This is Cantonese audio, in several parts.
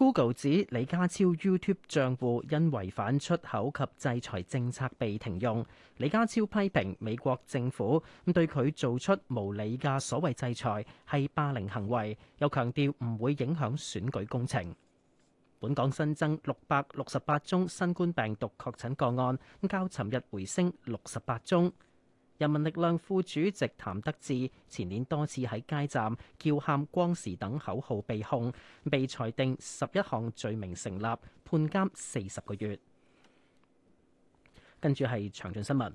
Google 指李家超 YouTube 賬戶因違反出口及制裁政策被停用。李家超批評美國政府對佢做出無理嘅所謂制裁係霸凌行為，又強調唔會影響選舉工程。本港新增六百六十八宗新冠病毒確診個案，咁較尋日回升六十八宗。人民力量副主席譚德志前年多次喺街站叫喊光時等口號被控，被裁定十一項罪名成立，判監四十個月。跟住係詳盡新聞。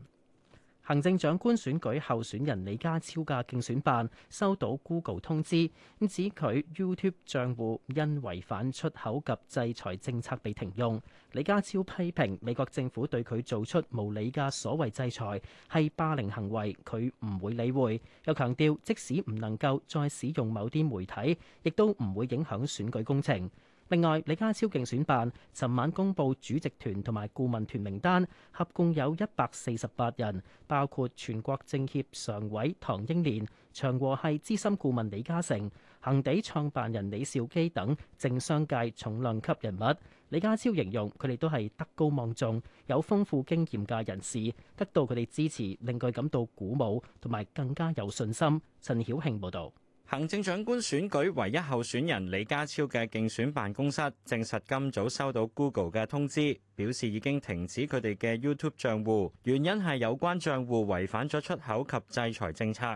行政長官選舉候選人李家超嘅競選辦收到 Google 通知，指佢 YouTube 賬戶因違反出口及制裁政策被停用。李家超批評美國政府對佢做出無理嘅所謂制裁，係霸凌行為，佢唔會理會。又強調即使唔能夠再使用某啲媒體，亦都唔會影響選舉工程。另外，李家超競選辦尋晚公布主席團同埋顧問團名單，合共有一百四十八人，包括全國政協常委唐英年、長和系資深顧問李嘉誠、恒地創辦人李兆基等政商界重量級人物。李家超形容佢哋都係德高望重、有豐富經驗嘅人士，得到佢哋支持令佢感到鼓舞同埋更加有信心。陳曉慶報導。行政長官選舉唯一候選人李家超嘅競選辦公室證實，今早收到 Google 嘅通知，表示已經停止佢哋嘅 YouTube 賬戶，原因係有關賬戶違反咗出口及制裁政策。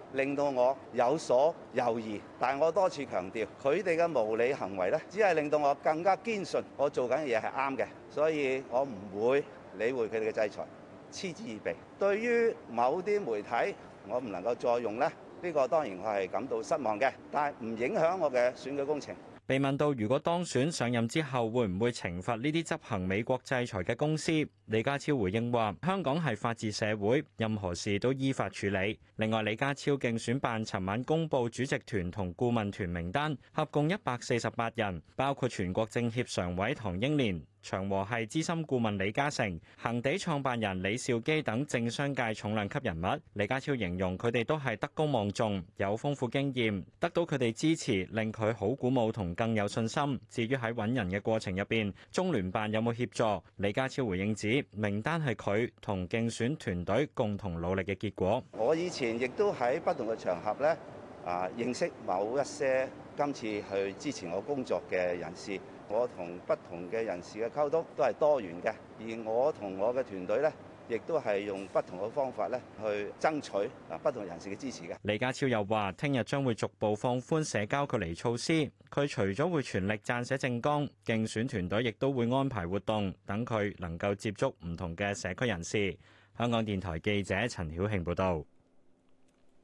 令到我有所猶疑，但係我多次強調，佢哋嘅無理行為呢，只係令到我更加堅信我做緊嘅嘢係啱嘅，所以我唔會理會佢哋嘅制裁，嗤之以鼻。對於某啲媒體，我唔能夠再用呢，呢個當然我係感到失望嘅，但係唔影響我嘅選舉工程。被問到如果當選上任之後，會唔會懲罰呢啲執行美國制裁嘅公司，李家超回應話：香港係法治社會，任何事都依法處理。另外，李家超競選辦尋晚公佈主席團同顧問團名單，合共一百四十八人，包括全國政協常委唐英年。長和系資深顧問李嘉誠、恒地創辦人李兆基等政商界重量級人物。李家超形容佢哋都係德高望重，有豐富經驗，得到佢哋支持令佢好鼓舞同更有信心。至於喺揾人嘅過程入邊，中聯辦有冇協助？李家超回應指，名單係佢同競選團隊共同努力嘅結果。我以前亦都喺不同嘅場合咧，啊，認識某一些今次去支持我工作嘅人士。我同不同嘅人士嘅溝通都係多元嘅，而我同我嘅團隊呢，亦都係用不同嘅方法呢去爭取不同人士嘅支持嘅。李家超又話，聽日將會逐步放寬社交距離措施。佢除咗會全力撰寫政綱，競選團隊亦都會安排活動，等佢能夠接觸唔同嘅社區人士。香港電台記者陳曉慶報導。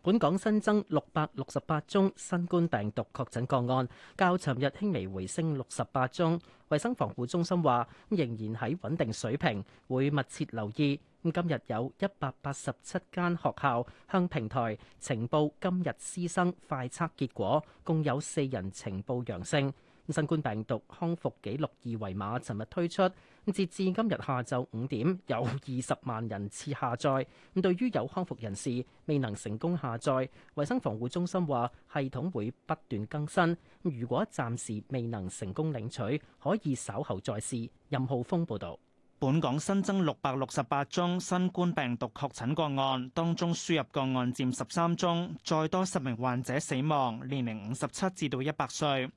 本港新增六百六十八宗新冠病毒確診個案，較尋日輕微回升六十八宗。衛生防護中心話，仍然喺穩定水平，會密切留意。咁今日有一百八十七間學校向平台呈報今日師生快測結果，共有四人呈報陽性。新冠病毒康復記錄二維碼，尋日推出。截至今日下晝五點，有二十萬人次下載。咁對於有康復人士未能成功下載，衞生防護中心話系統會不斷更新。如果暫時未能成功領取，可以稍後再試。任浩峰報導。本港新增六百六十八宗新冠病毒確診個案，當中輸入個案佔十三宗，再多十名患者死亡，年齡五十七至到一百歲。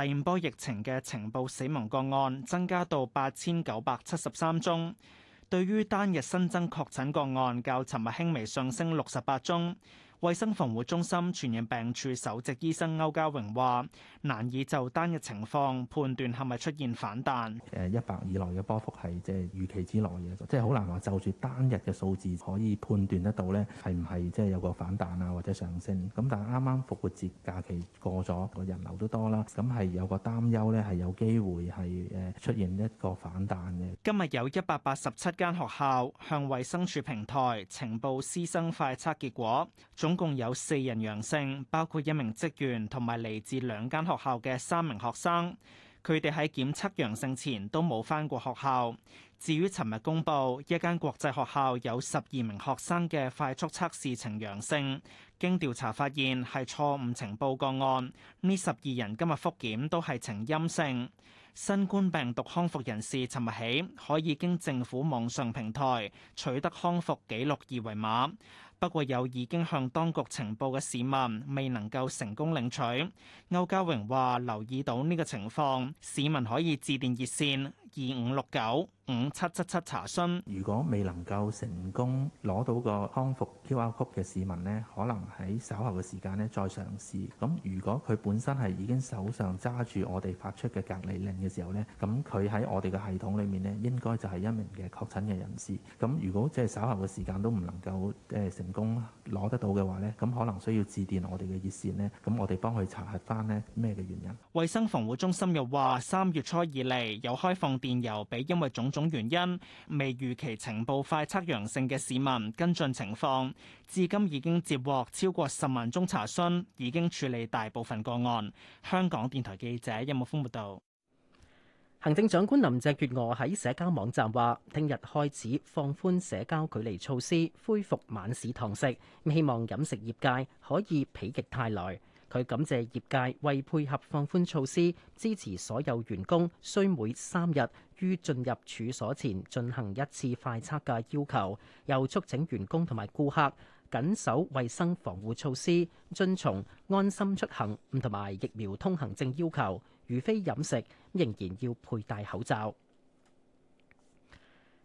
第五波疫情嘅情報死亡個案增加到八千九百七十三宗，對於單日新增確診個案較尋日輕微上升六十八宗。衛生防護中心傳染病處首席醫生歐家榮話，難以就單日情況判斷係咪出現反彈。誒，一百以內嘅波幅係即係預期之內嘅，即係好難話就住單日嘅數字可以判斷得到咧係唔係即係有個反彈啊或者上升。咁但係啱啱復活節假期過咗，個人流都多啦，咁係有個擔憂咧係有機會係誒出現一個反彈嘅。今日有一百八十七間學校向衛生署平台呈報師生快測結果。總共有四人陽性，包括一名職員同埋嚟自兩間學校嘅三名學生。佢哋喺檢測陽性前都冇翻過學校。至於尋日公布一間國際學校有十二名學生嘅快速測試呈陽性，經調查發現係錯誤呈報個案。呢十二人今日復檢都係呈陰性。新冠病毒康復人士尋日起可以經政府網上平台取得康復記錄二維碼。不過有已經向當局呈報嘅市民未能夠成功領取，歐家榮話留意到呢個情況，市民可以致電熱線。二五六九五七七七查詢，如果未能夠成功攞到個康復 QR code 嘅市民呢，可能喺稍後嘅時間呢再嘗試。咁如果佢本身係已經手上揸住我哋發出嘅隔離令嘅時候呢，咁佢喺我哋嘅系統裏面呢應該就係一名嘅確診嘅人士。咁如果即係稍後嘅時間都唔能夠誒、呃、成功攞得到嘅話呢，咁可能需要致電我哋嘅熱線呢，咁我哋幫佢查核翻呢咩嘅原因。衛生防護中心又話三月初以嚟有開放。電郵俾因為種種原因未預期呈報快測陽性嘅市民跟進情況，至今已經接獲超過十萬宗查詢，已經處理大部分個案。香港電台記者任木峰報道。行政長官林鄭月娥喺社交網站話：聽日開始放寬社交距離措施，恢復晚市堂食，希望飲食業界可以否極泰來。佢感謝業界為配合放寬措施，支持所有員工需每三日於進入處所前進行一次快測嘅要求，又促請員工同埋顧客緊守衛生防護措施，遵從安心出行同埋疫苗通行證要求，如非飲食，仍然要佩戴口罩。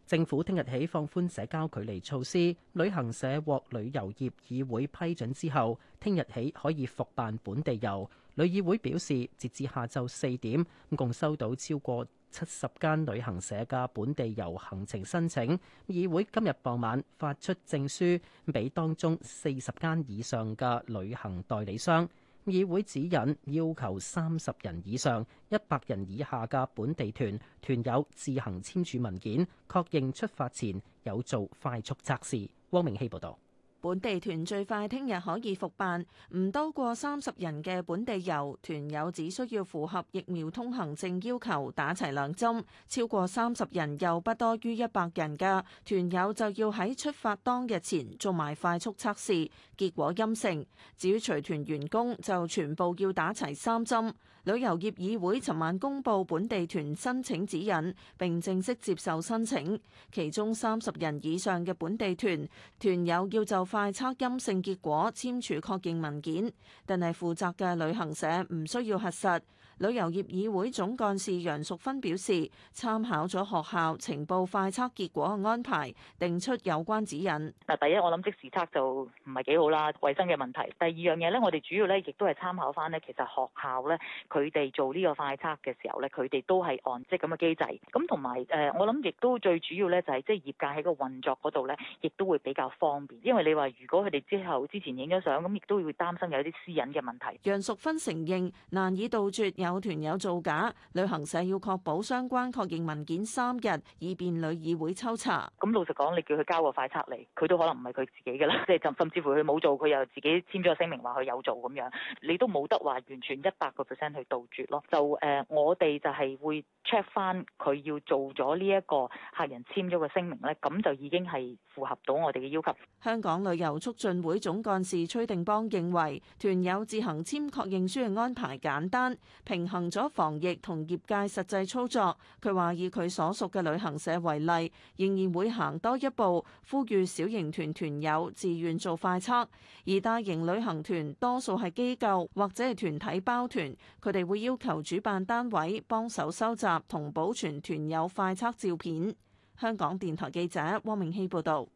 政府聽日起放寬社交距離措施，旅行社獲旅遊業議會批准之後，聽日起可以復辦本地遊。旅議會表示，截至下晝四點，咁共收到超過七十間旅行社嘅本地遊行程申請。議會今日傍晚發出證書，俾當中四十間以上嘅旅行代理商。議會指引，要求三十人以上、一百人以下嘅本地團團友自行簽署文件，確認出發前有做快速測試。汪明希報道。本地團最快聽日可以復辦，唔多過三十人嘅本地遊團友只需要符合疫苗通行證要求，打齊兩針，超過三十人又不多於一百人嘅團友就要喺出發當日前做埋快速測試，結果陰性。至於隨團員工就全部要打齊三針。旅遊業議會尋晚公佈本地團申請指引，並正式接受申請。其中三十人以上嘅本地團，團友要就快測陰性結果簽署確認文件，但係負責嘅旅行社唔需要核實。旅遊業議會總幹事楊淑芬表示，參考咗學校情報快測結果嘅安排，定出有關指引。啊，第一我諗即時測就唔係幾好啦，衞生嘅問題。第二樣嘢咧，我哋主要咧亦都係參考返咧，其實學校咧佢哋做呢個快測嘅時候咧，佢哋都係按即咁嘅機制。咁同埋誒，我諗亦都最主要咧就係即係業界喺個運作嗰度咧，亦都會比較方便，因為你話如果佢哋之後之前影咗相，咁亦都會擔心有啲私隱嘅問題。楊淑芬承認難以杜絕。有團友造假，旅行社要確保相關確認文件三日，以便旅議會抽查。咁老實講，你叫佢交個快測嚟，佢都可能唔係佢自己噶啦。即係甚甚至乎佢冇做，佢又自己簽咗個聲明話佢有做咁樣，你都冇得話完全一百個 percent 去杜絕咯。就誒、呃，我哋就係會 check 翻佢要做咗呢一個客人簽咗個聲明咧，咁就已經係符合到我哋嘅要求。香港旅遊促進會總幹事崔定邦認為，團友自行簽確認書嘅安排簡單。平衡咗防疫同業界實際操作，佢話以佢所屬嘅旅行社為例，仍然會行多一步，呼籲小型團團友自願做快測，而大型旅行團多數係機構或者係團體包團，佢哋會要求主辦單位幫手收集同保存團友快測照片。香港電台記者汪明熙報道。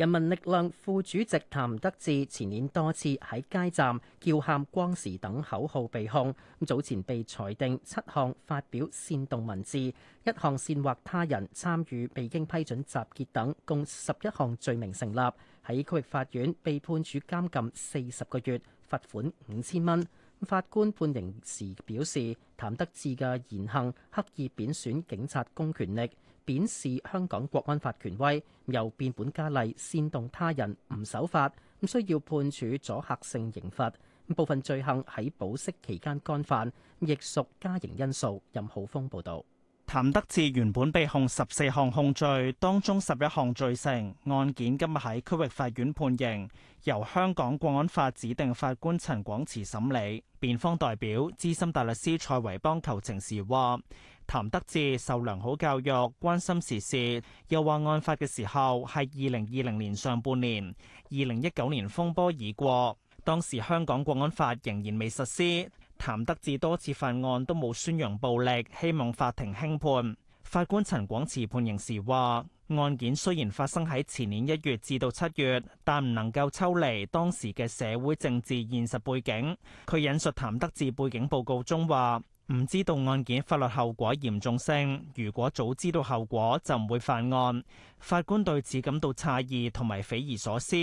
人民力量副主席譚德志前年多次喺街站叫喊光時等口號被控，早前被裁定七項發表煽動文字、一項煽惑他人參與未經批准集結等，共十一項罪名成立，喺區域法院被判處監禁四十個月、罰款五千蚊。法官判刑時表示，譚德志嘅言行刻意貶損警察公權力。顯示香港國安法權威，又變本加厲煽動他人唔守法，咁需要判處阻嚇性刑罰。部分罪行喺保釋期間干犯，亦屬加刑因素。任浩峰報導。譚德志原本被控十四項控罪，當中十一項罪成。案件今日喺區域法院判刑，由香港國安法指定法官陳廣慈審理。辯方代表資深大律師蔡維邦求情時話。譚德志受良好教育，關心時事，又話案發嘅時候係二零二零年上半年，二零一九年風波已過，當時香港國安法仍然未實施。譚德志多次犯案都冇宣揚暴力，希望法庭輕判。法官陳廣慈判刑時話：案件雖然發生喺前年一月至到七月，但唔能夠抽離當時嘅社會政治現實背景。佢引述譚德志背景報告中話。唔知道案件法律後果嚴重性，如果早知道後果就唔會犯案。法官對此感到詫異同埋匪夷所思，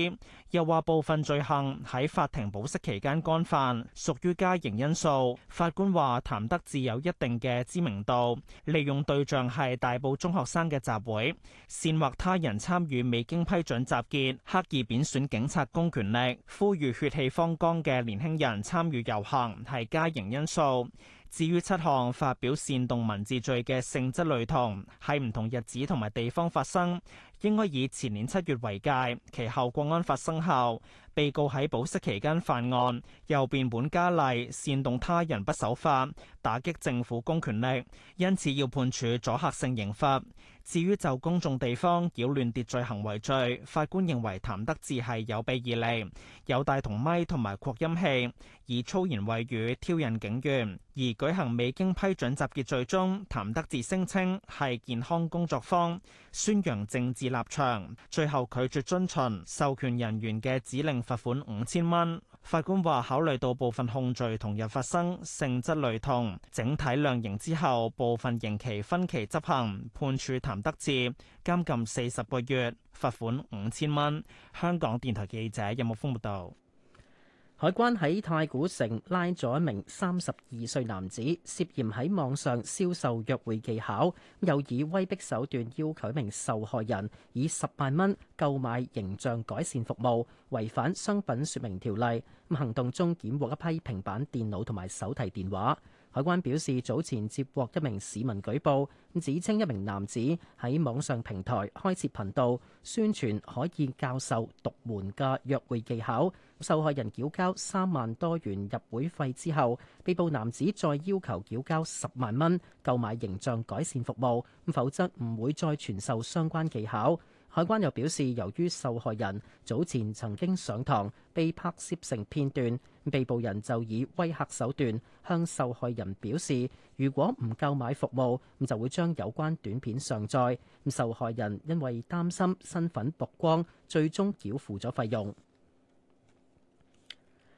又話部分罪行喺法庭保釋期間干犯，屬於加刑因素。法官話譚德志有一定嘅知名度，利用對象係大埔中學生嘅集會，煽惑他人參與未經批准集結，刻意貶損警察公權力，呼籲血氣方剛嘅年輕人參與遊行，係加刑因素。至於七項發表煽動文字罪嘅性質類同，喺唔同日子同埋地方發生，應該以前年七月為界，其後國安法生效後。被告喺保釋期間犯案，又變本加厲煽動他人不守法，打擊政府公權力，因此要判處阻吓性刑罰。至於就公眾地方擾亂秩序行為罪，法官認為譚德志係有備而嚟，有帶同咪同埋擴音器，以粗言穢語挑釁警員，而舉行未經批准集結罪中，譚德志聲稱係健康工作坊，宣揚政治立場，最後拒絕遵從授權人員嘅指令。罰款五千蚊。法官話，考慮到部分控罪同日發生，性質類同，整體量刑之後，部分刑期分期執行，判處譚德志監禁四十個月，罰款五千蚊。香港電台記者任木峰報道。海關喺太古城拉咗一名三十二歲男子，涉嫌喺網上銷售約會技巧，又以威逼手段要求一名受害人以十萬蚊購買形象改善服務，違反商品說明條例。行動中檢獲一批平板電腦同埋手提電話。海關表示，早前接獲一名市民舉報，指稱一名男子喺網上平台開設頻道，宣傳可以教授獨門嘅約會技巧。受害人繳交三萬多元入會費之後，被捕男子再要求繳交十萬蚊購買形象改善服務，否則唔會再傳授相關技巧。海關又表示，由於受害人早前曾經上堂被拍攝成片段，被捕人就以威嚇手段向受害人表示，如果唔購買服務，咁就會將有關短片上載。受害人因為擔心身份曝光，最終繳付咗費用。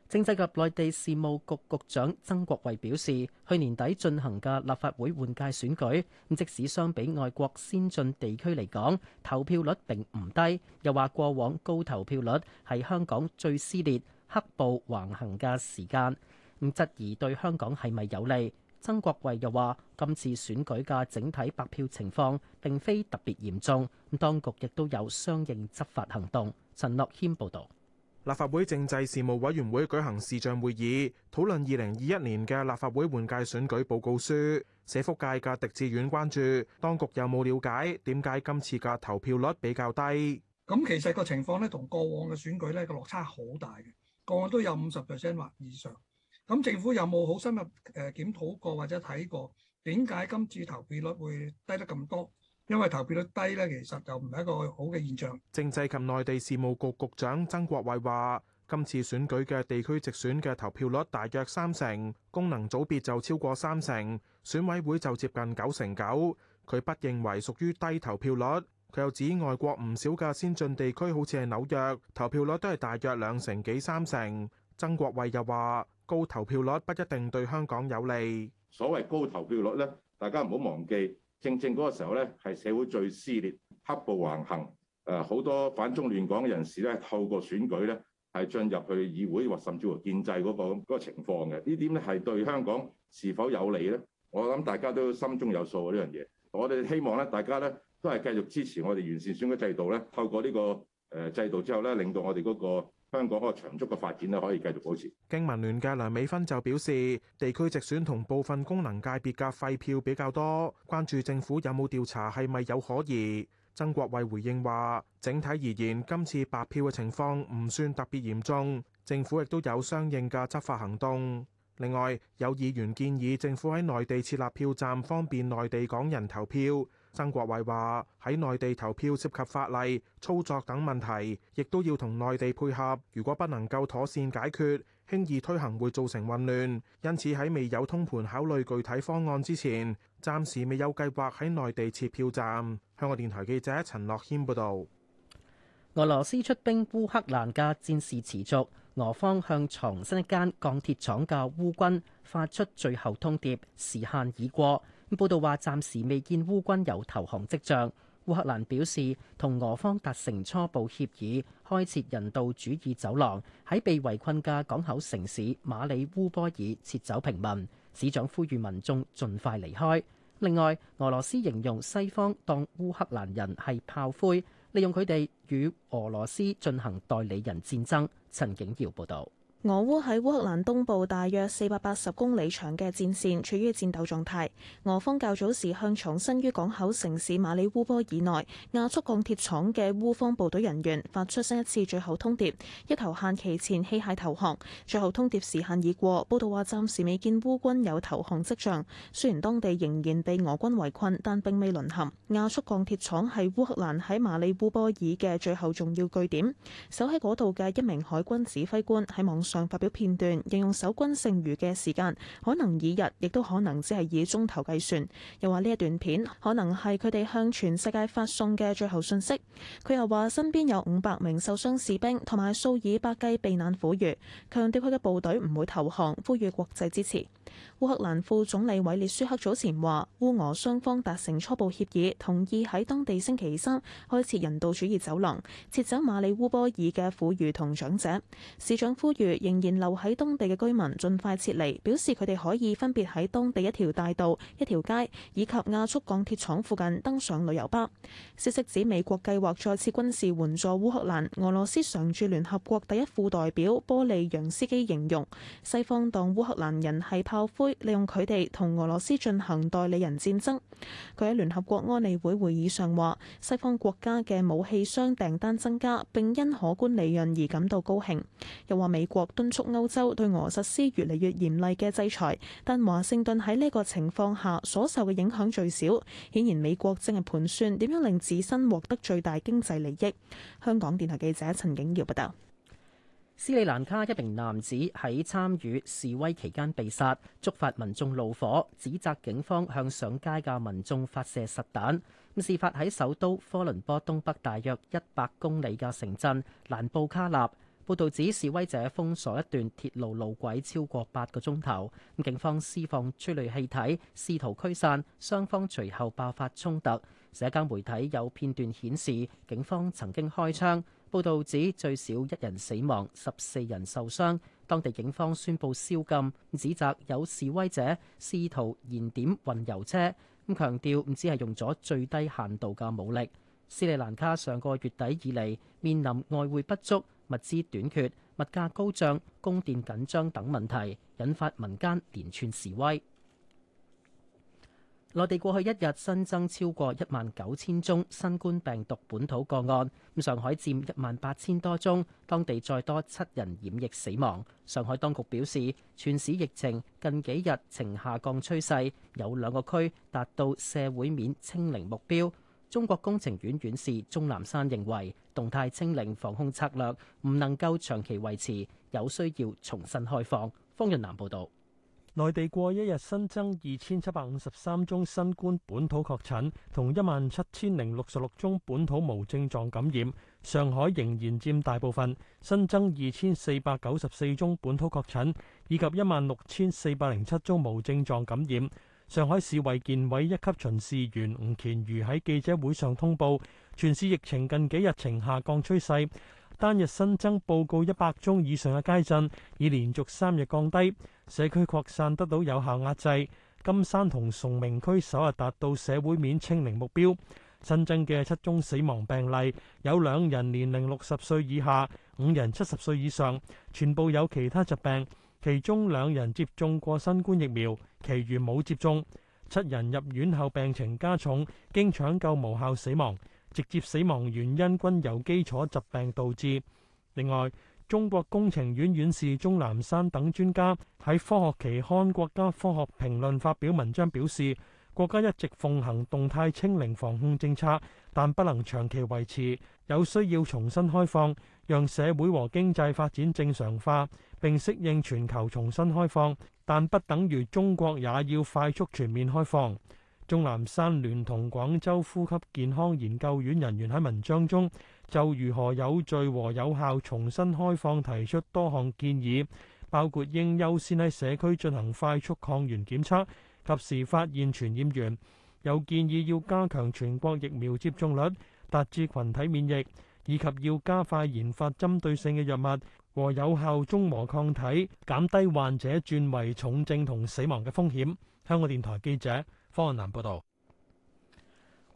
政制及內地事務局局長曾國衛表示，去年底進行嘅立法會換屆選舉，即使相比外國先進地區嚟講，投票率並唔低。又話過往高投票率係香港最撕裂、黑暴橫行嘅時間，咁質疑對香港係咪有利？曾國衛又話，今次選舉嘅整體白票情況並非特別嚴重，咁當局亦都有相應執法行動。陳樂謙報導。立法會政制事務委員會舉行視像會議，討論二零二一年嘅立法會換屆選舉報告書。社福界嘅狄志遠關注當局有冇了解點解今次嘅投票率比較低？咁其實個情況咧，同過往嘅選舉咧個落差好大嘅，個案都有五十 percent 或以上。咁政府有冇好深入誒檢討過或者睇過點解今次投票率會低得咁多？因為投票率低咧，其實就唔係一個好嘅現象。政制及內地事務局局局長曾國衛話：今次選舉嘅地區直選嘅投票率大約三成，功能組別就超過三成，選委會就接近九成九。佢不認為屬於低投票率。佢又指外國唔少嘅先進地區好似係紐約，投票率都係大約兩成幾三成。曾國衛又話：高投票率不一定對香港有利。所謂高投票率呢，大家唔好忘記。正正嗰個時候咧，係社會最撕裂、黑暴橫行，誒、呃、好多反中亂港嘅人士咧，透過選舉咧係進入去議會或甚至乎建制嗰個嗰個情況嘅。呢點咧係對香港是否有利咧？我諗大家都心中有數呢樣嘢。我哋希望咧，大家咧都係繼續支持我哋完善選舉制度咧，透過呢個誒、呃、制度之後咧，令到我哋嗰個。香港可長足嘅發展咧，可以繼續保持。經民聯嘅梁美芬就表示，地區直選同部分功能界別嘅廢票比較多，關注政府有冇調查係咪有可疑。曾國衛回應話，整體而言，今次白票嘅情況唔算特別嚴重，政府亦都有相應嘅執法行動。另外，有議員建議政府喺內地設立票站，方便內地港人投票。曾國衛話：喺內地投票涉及法例、操作等問題，亦都要同內地配合。如果不能夠妥善解決，輕易推行會造成混亂。因此喺未有通盤考慮具體方案之前，暫時未有計劃喺內地設票站。香港電台記者陳樂謙報道。俄羅斯出兵烏克蘭嘅戰事持續，俄方向藏身一間鋼鐵廠嘅烏軍發出最後通牒，時限已過。報道話，暫時未見烏軍有投降跡象。烏克蘭表示同俄方達成初步協議，開設人道主義走廊，喺被圍困嘅港口城市馬里烏波爾撤走平民。市長呼籲民眾盡快離開。另外，俄羅斯形容西方當烏克蘭人係炮灰，利用佢哋與俄羅斯進行代理人戰爭。陳景耀報道。俄烏喺烏克蘭東部大約四百八十公里長嘅戰線處於戰鬥狀態。俄方較早時向藏身於港口城市馬里烏波爾內亞速鋼鐵廠嘅烏方部隊人員發出新一次最後通牒，要求限期前棄械投降。最後通牒時限已過，報道話暫時未見烏軍有投降跡象。雖然當地仍然被俄軍圍困，但並未淪陷。亞速鋼鐵廠係烏克蘭喺馬里烏波爾嘅最後重要據點。守喺嗰度嘅一名海軍指揮官喺網上發表片段，形容守軍剩餘嘅時間可能以日，亦都可能只係以鐘頭計算。又話呢一段片可能係佢哋向全世界發送嘅最後訊息。佢又話身邊有五百名受傷士兵，同埋數以百計避難苦遇。強調佢嘅部隊唔會投降，呼籲國際支持。烏克蘭副總理韋列舒克早前話，烏俄雙方達成初步協議，同意喺當地星期三開設人道主義走廊，撤走馬里烏波爾嘅婦孺同長者。市長呼籲仍然留喺當地嘅居民盡快撤離，表示佢哋可以分別喺當地一條大道、一條街以及亞速鋼鐵廠附近登上旅遊巴。消息指美國計劃再次軍事援助烏克蘭。俄羅斯常駐聯合國第一副代表波利揚斯基形容，西方當烏克蘭人係炮。會利用佢哋同俄羅斯進行代理人戰爭。佢喺聯合國安理會會議上話，西方國家嘅武器商訂單增加，並因可觀利潤而感到高興。又話美國敦促歐洲對俄實施越嚟越嚴厲嘅制裁，但華盛頓喺呢個情況下所受嘅影響最少。顯然美國正係盤算點樣令自身獲得最大經濟利益。香港電台記者陳景瑤報道。斯里蘭卡一名男子喺參與示威期間被殺，觸發民眾怒火，指責警方向上街嘅民眾發射實彈。咁事發喺首都科倫坡東北大約一百公里嘅城鎮蘭布卡納。報道指示威者封鎖一段鐵路路軌超過八個鐘頭，咁警方施放催淚氣體試圖驅散，雙方隨後爆發衝突。社交媒體有片段顯示警方曾經開槍。報道指最少一人死亡，十四人受傷。當地警方宣布宵禁，指責有示威者試圖燃點運油車，咁強調只係用咗最低限度嘅武力。斯里蘭卡上個月底以嚟，面臨外匯不足、物資短缺、物價高漲、供電緊張等問題，引發民間連串示威。內地過去一日新增超過一萬九千宗新冠病毒本土個案，咁上海佔一萬八千多宗，當地再多七人染疫死亡。上海當局表示，全市疫情近幾日呈下降趨勢，有兩個區達到社會面清零目標。中國工程院院士鐘南山認為，動態清零防控策略唔能夠長期維持，有需要重新開放。方潤南報導。內地過一日新增二千七百五十三宗新冠本土確診，同一萬七千零六十六宗本土無症狀感染。上海仍然佔大部分，新增二千四百九十四宗本土確診，以及一萬六千四百零七宗無症狀感染。上海市衛健委一級巡視員吳乾瑜喺記者會上通報，全市疫情近幾日呈下降趨勢，單日新增報告一百宗以上嘅街鎮已連續三日降低。社區擴散得到有效壓制，金山同崇明區首日達到社會面清零目標。新增嘅七宗死亡病例，有兩人年齡六十歲以下，五人七十歲以上，全部有其他疾病，其中兩人接種過新冠疫苗，其餘冇接種。七人入院後病情加重，經搶救無效死亡，直接死亡原因均由基礎疾病導致。另外，中國工程院院士鍾南山等專家喺科學期刊《國家科學評論》發表文章，表示國家一直奉行動態清零防控政策，但不能長期維持，有需要重新開放，讓社會和經濟發展正常化，並適應全球重新開放，但不等於中國也要快速全面開放。鍾南山聯同廣州呼吸健康研究院人員喺文章中，就如何有序和有效重新開放提出多項建議，包括應優先喺社區進行快速抗原檢測，及時發現傳染源。有建議要加強全國疫苗接種率，達至群體免疫，以及要加快研發針對性嘅藥物和有效中和抗體，減低患者轉為重症同死亡嘅風險。香港電台記者方南報道。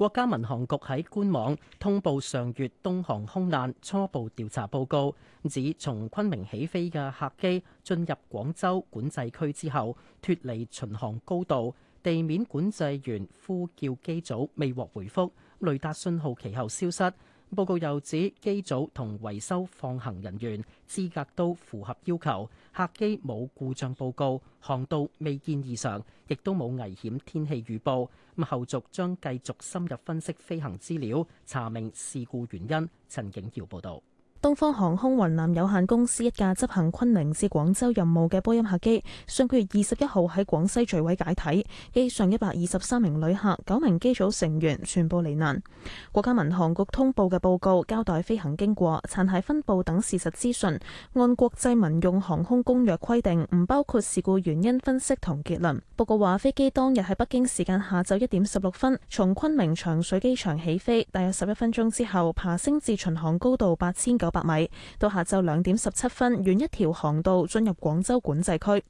國家民航局喺官網通報上月東航空難初步調查報告，指從昆明起飛嘅客機進入廣州管制區之後，脫離巡航高度，地面管制員呼叫機組未獲回覆，雷達信號其後消失。報告又指，機組同維修放行人員資格都符合要求，客機冇故障報告，航道未見異常，亦都冇危險天氣預報。咁後續將繼續深入分析飛行資料，查明事故原因。陳景耀報道。東方航空雲南有限公司一架執行昆明至廣州任務嘅波音客機，上個月二十一號喺廣西墜毀解體，機上一百二十三名旅客、九名機組成員全部罹難。國家民航局通報嘅報告交代飛行經過、殘骸分佈等事實資訊，按國際民用航空公約規定，唔包括事故原因分析同結論。報告話，飛機當日喺北京時間下晝一點十六分從昆明長水機場起飛，大約十一分鐘之後爬升至巡航高度八千九。百米到下晝兩點十七分，沿一條航道進入廣州管制區。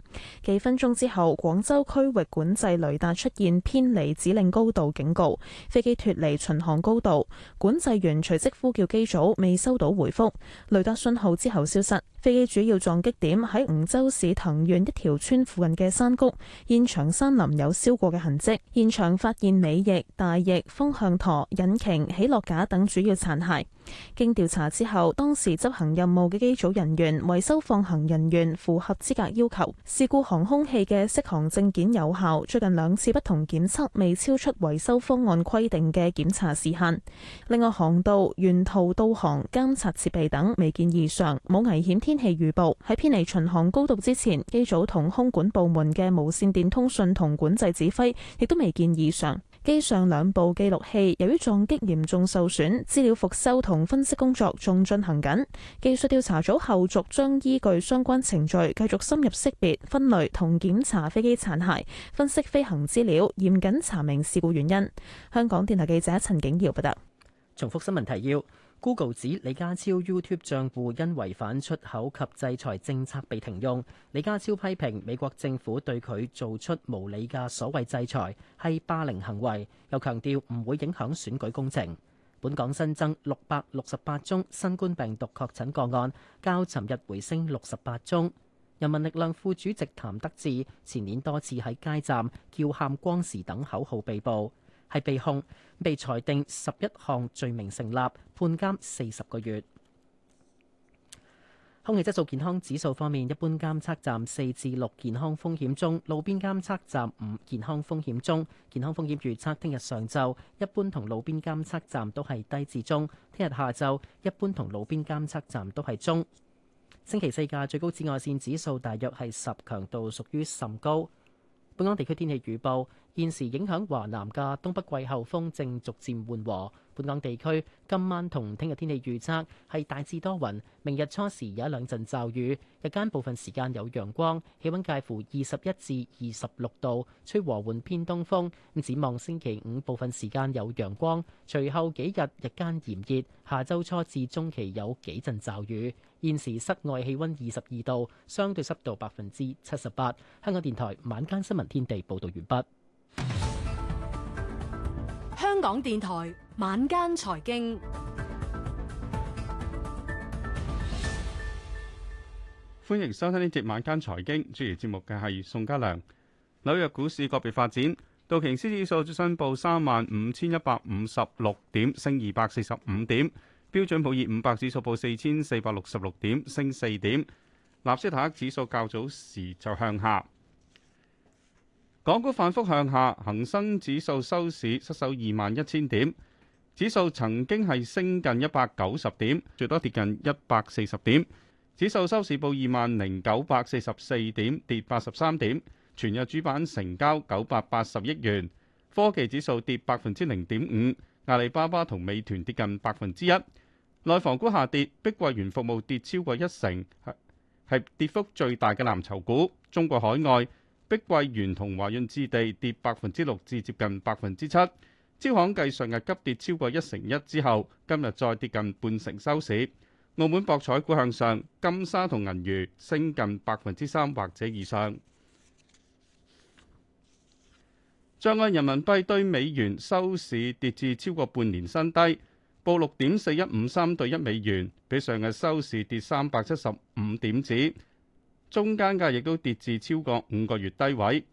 幾分鐘之後，廣州區域管制雷達出現偏離指令高度警告，飛機脱離巡航高度，管制員隨即呼叫機組，未收到回覆，雷達信號之後消失。飛機主要撞擊點喺梧州市藤縣一條村附近嘅山谷，現場山林有燒過嘅痕迹。現場發現尾翼、大翼、風向舵、引擎、起落架等主要殘骸。經調查之後，當時執行任務嘅機組人員、維修放行人員符合資格要求。事故航空器嘅適航證件有效，最近兩次不同檢測未超出維修方案規定嘅檢查時限。另外，航道、沿途導航、監察設備等未見異常，冇危險添。天氣預報喺偏離巡航高度之前，機組同空管部門嘅無線電通訊同管制指揮亦都未見異常。機上兩部記錄器由於撞擊嚴重受損，資料復修同分析工作仲進行緊。技術調查組後續將依據相關程序，繼續深入識別、分類同檢查飛機殘骸，分析飛行資料，嚴謹查明事故原因。香港電台記者陳景耀報道。重複新聞提要。Google 指李家超 YouTube 賬戶因違反出口及制裁政策被停用。李家超批評美國政府對佢做出無理嘅所謂制裁，係霸凌行為，又強調唔會影響選舉工程。本港新增六百六十八宗新冠病毒確診個案，較尋日回升六十八宗。人民力量副主席譚德志前年多次喺街站叫喊光時等口號被捕。係被控，被裁定十一項罪名成立，判監四十個月。空氣質素健康指數方面，一般監測站四至六健康風險中，路邊監測站五健康風險中。健康風險預測，聽日上晝一般同路邊監測站都係低至中，聽日下晝一般同路邊監測站都係中。星期四嘅最高紫外線指數大約係十，強度屬於甚高。本港地區天氣預報。現時影響華南嘅東北季候風正逐漸緩和，本港地區今晚同聽日天氣預測係大致多雲，明日初時有一兩陣驟雨，日間部分時間有陽光，氣溫介乎二十一至二十六度，吹和緩偏東風。展望星期五部分時間有陽光，隨後幾日日間炎熱，下周初至中期有幾陣驟雨。現時室外氣溫二十二度，相對濕度百分之七十八。香港電台晚間新聞天地報道完畢。港電台晚間財經，歡迎收聽呢節晚間財經，主持節目嘅係宋家良。紐約股市個別發展，道瓊斯指數最新報三萬五千一百五十六點，升二百四十五點；標準普爾五百指數報四千四百六十六點，升四點；納斯塔克指數較早時就向下。港股反覆向下，恒生指數收市失守二萬一千點，指數曾經係升近一百九十點，最多跌近一百四十點。指數收市報二萬零九百四十四點，跌八十三點。全日主板成交九百八十億元。科技指數跌百分之零點五，阿里巴巴同美團跌近百分之一。內房股下跌，碧桂園服務跌超過一成，係跌幅最大嘅藍籌股。中國海外。碧桂園同華潤置地跌百分之六至接近百分之七，招行繼上日急跌超過一成一之後，今日再跌近半成收市。澳門博彩股向上，金沙同銀娛升近百分之三或者以上。香港人民幣兌美元收市跌至超過半年新低，報六點四一五三兌一美元，比上日收市跌三百七十五點子。中間價亦都跌至超過五個月低位。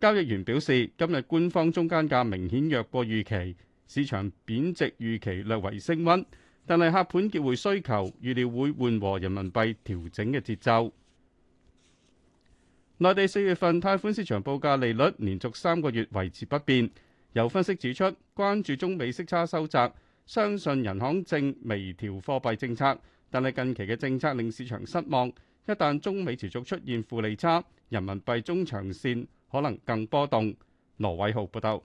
交易員表示，今日官方中間價明顯弱過預期，市場貶值預期略為升溫，但係客盤結匯需求預料會緩和人民幣調整嘅節奏。內地四月份貸款市場報價利率連續三個月維持不變。有分析指出，關注中美息差收窄，相信人行正微調貨幣政策，但係近期嘅政策令市場失望。一旦中美持續出現負利差，人民幣中長線可能更波動。羅偉浩報導，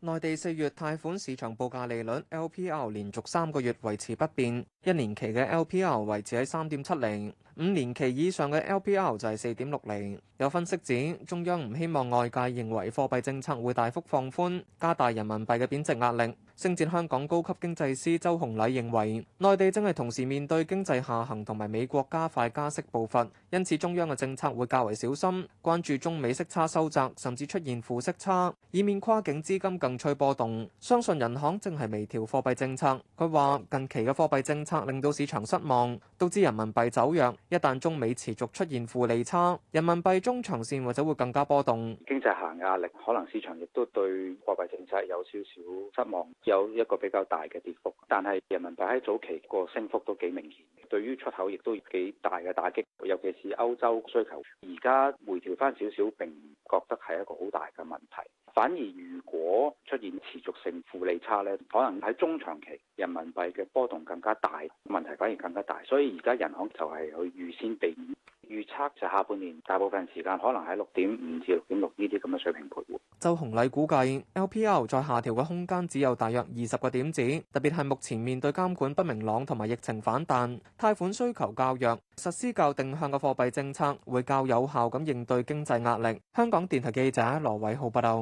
內地四月貸款市場報價利率 LPR 連續三個月維持不變，一年期嘅 LPR 維持喺三點七零。五年期以上嘅 LPR 就係四點六零。有分析指，中央唔希望外界認為貨幣政策會大幅放寬，加大人民幣嘅貶值壓力。星展香港高級經濟師周鴻禮認為，內地正係同時面對經濟下行同埋美國加快加息步伐，因此中央嘅政策會較為小心，關注中美息差收窄，甚至出現負息差，以免跨境資金更趨波動，相信人行正係微調貨幣政策。佢話近期嘅貨幣政策令到市場失望。都知人民幣走弱，一旦中美持續出現負利差，人民幣中長線或者會更加波動。經濟下行壓力，可能市場亦都對貨幣政策有少少失望，有一個比較大嘅跌幅。但係人民幣喺早期個升幅都幾明顯，對於出口亦都幾大嘅打擊，尤其是歐洲需求。而家回調翻少少，並唔覺得係一個好大嘅問題。反而如果出現持續性負利差呢，可能喺中長期人民幣嘅波動更加大，問題反而更加大。所以而家人行就係去預先避免預測，就下半年大部分時間可能喺六點五至六點六呢啲咁嘅水平徘徊。周洪禮估計 LPL 再下調嘅空間只有大約二十個點子，特別係目前面對監管不明朗同埋疫情反彈，貸款需求較弱，實施較定向嘅貨幣政策會較有效咁應對經濟壓力。香港電台記者羅偉浩報道，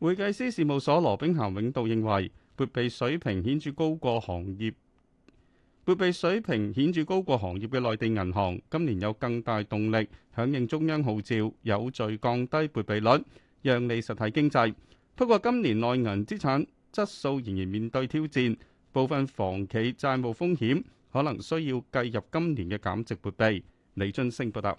會計師事務所羅兵咸永道認為撥備水平顯著高過行業。撥備水平顯著高過行業嘅內地銀行，今年有更大動力響應中央號召，有序降低撥備率。讓利實體經濟。不過今年內銀資產質素仍然面對挑戰，部分房企債務風險可能需要計入今年嘅減值撥備。李俊升報道。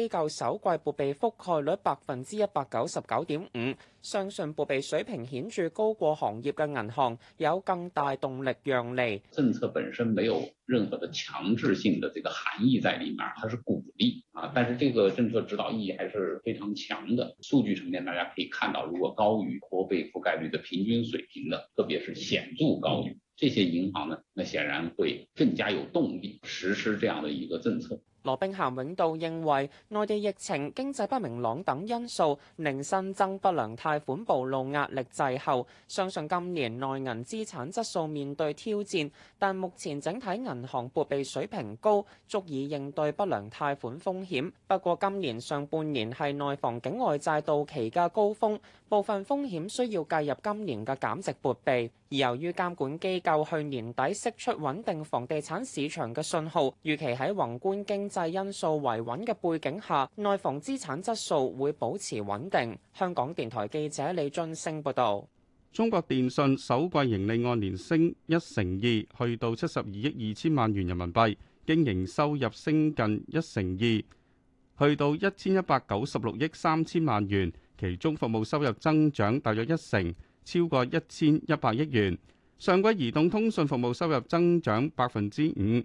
機構首季撥備覆蓋率百分之一百九十九點五，相信撥備水平顯著高過行業嘅銀行，有更大動力讓利。政策本身沒有任何的強制性的這個含義在裏面，它是鼓勵啊，但是這個政策指導意義還是非常強的。數據呈現大家可以看到，如果高於撥備覆蓋率的平均水平的，特別是顯著高於這些銀行呢，那顯然會更加有動力實施這樣的一個政策。羅兵咸永道認為，內地疫情、經濟不明朗等因素令新增不良貸款暴露壓力滯後，相信今年內銀資產質素面對挑戰，但目前整體銀行撥備水平高，足以應對不良貸款風險。不過今年上半年係內房境外債到期嘅高峰，部分風險需要計入今年嘅減值撥備。而由於監管機構去年底釋出穩定房地產市場嘅信號，預期喺宏觀經制因素維穩嘅背景下，內房資產質素，素會保持穩定。香港電台記者李進升報道，中國電信首季盈利按年升一成二，去到七十二億二千萬元人民幣，經營收入升近一成二，去到一千一百九十六億三千萬元，其中服務收入增長大約一成，超過一千一百億元。上季移動通訊服務收入增長百分之五。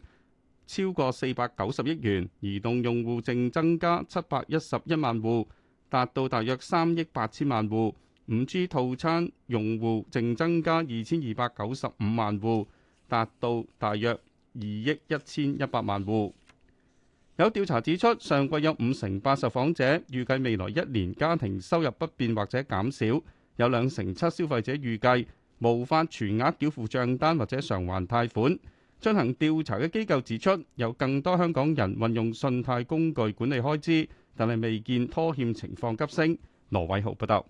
超過四百九十億元，移動用戶淨增加七百一十一萬戶，達到大約三億八千萬戶。五 G 套餐用戶淨增加二千二百九十五萬戶，達到大約二億一千一百萬戶。有調查指出，上季有五成八受訪者預計未來一年家庭收入不變或者減少，有兩成七消費者預計無法全額繳付帳單或者償還貸款。進行調查嘅機構指出，有更多香港人運用信貸工具管理開支，但係未見拖欠情況急升。羅偉豪報道，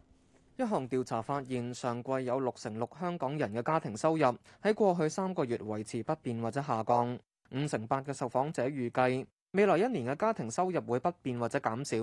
一項調查發現，上季有六成六香港人嘅家庭收入喺過去三個月維持不變或者下降，五成八嘅受訪者預計未來一年嘅家庭收入會不變或者減少。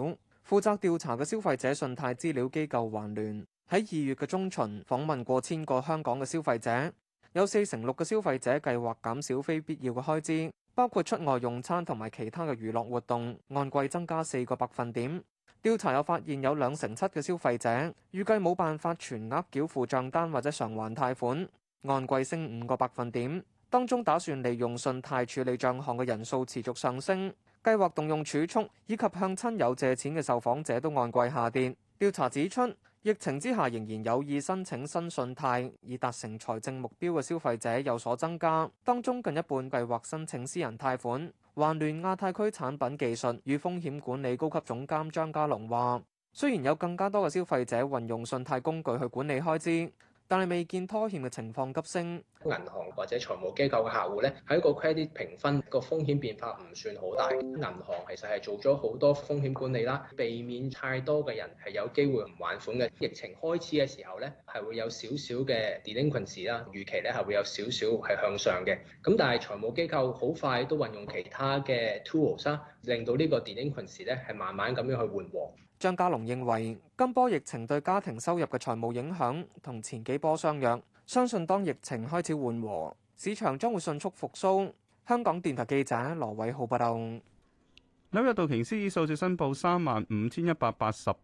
負責調查嘅消費者信貸資料機構環聯喺二月嘅中旬訪問過千個香港嘅消費者。有四成六嘅消費者計劃減少非必要嘅開支，包括出外用餐同埋其他嘅娛樂活動，按季增加四個百分點。調查又發現有兩成七嘅消費者預計冇辦法全額繳付帳單或者償還貸款，按季升五個百分點。當中打算利用信貸處理帳項嘅人數持續上升，計劃動用儲蓄以及向親友借錢嘅受訪者都按季下跌。調查指出，疫情之下，仍然有意申請新信貸，以達成財政目標嘅消費者有所增加，當中近一半計劃申請私人貸款。環聯亞太區產品技術與風險管理高級總監張家龍話，雖然有更加多嘅消費者運用信貸工具去管理開支。但係未見拖欠嘅情況急升。銀行或者財務機構嘅客戶咧，喺一個 credit 評分個風險變化唔算好大。銀行其實係做咗好多風險管理啦，避免太多嘅人係有機會唔還款嘅。疫情開始嘅時候咧，係會有少少嘅 d e l i n q u l t 群時啦，預期咧係會有少少係向上嘅。咁但係財務機構好快都運用其他嘅 tools 啦，令到呢個 d e l i n q u l t 群時咧係慢慢咁樣去緩和。張家龍認為，今波疫情對家庭收入嘅財務影響同前幾波相若，相信當疫情開始緩和，市場將會迅速復甦。香港電台記者羅偉浩報道。紐約道瓊斯指數升報三萬五千一百八十，啱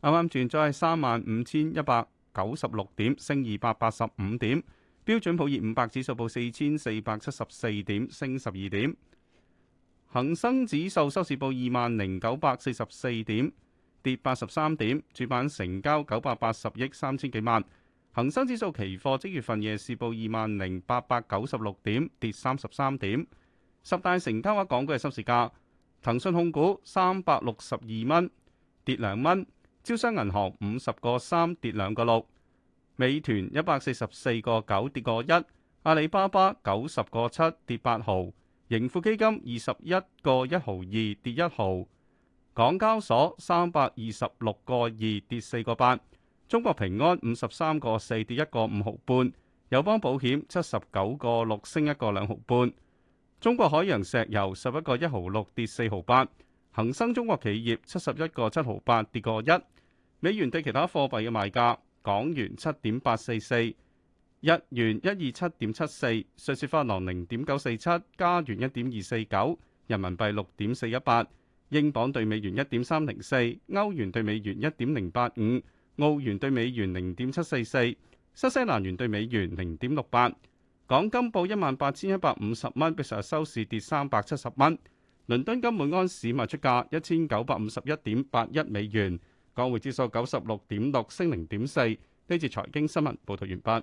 啱轉咗係三萬五千一百九十六點，升二百八十五點。標準普爾五百指數報四千四百七十四點，升十二點。恒生指數收市報二萬零九百四十四點。跌八十三點，主板成交九百八十億三千幾萬。恒生指數期貨即月份夜市報二萬零八百九十六點，跌三十三點。十大成交額港股嘅收市價，騰訊控股三百六十二蚊，跌兩蚊。招商銀行五十個三跌兩個六。美團一百四十四個九跌個一。阿里巴巴九十個七跌八毫。盈富基金二十一個一毫二跌一毫。港交所三百二十六個二跌四個八，中國平安五十三個四跌一個五毫半，友邦保險七十九個六升一個兩毫半，中國海洋石油十一個一毫六跌四毫八，恒生中國企業七十一個七毫八跌個一，美元對其他貨幣嘅賣價，港元七點八四四，日元一二七點七四，瑞士法郎零點九四七，加元一點二四九，人民幣六點四一八。英鎊兌美元一點三零四，歐元兌美元一點零八五，澳元兌美元零點七四四，新西蘭元兌美元零點六八。港金報一萬八千一百五十蚊，比上日收市跌三百七十蚊。倫敦金每安士賣出價一千九百五十一點八一美元。港匯指數九十六點六升零點四。呢次財經新聞報道完畢。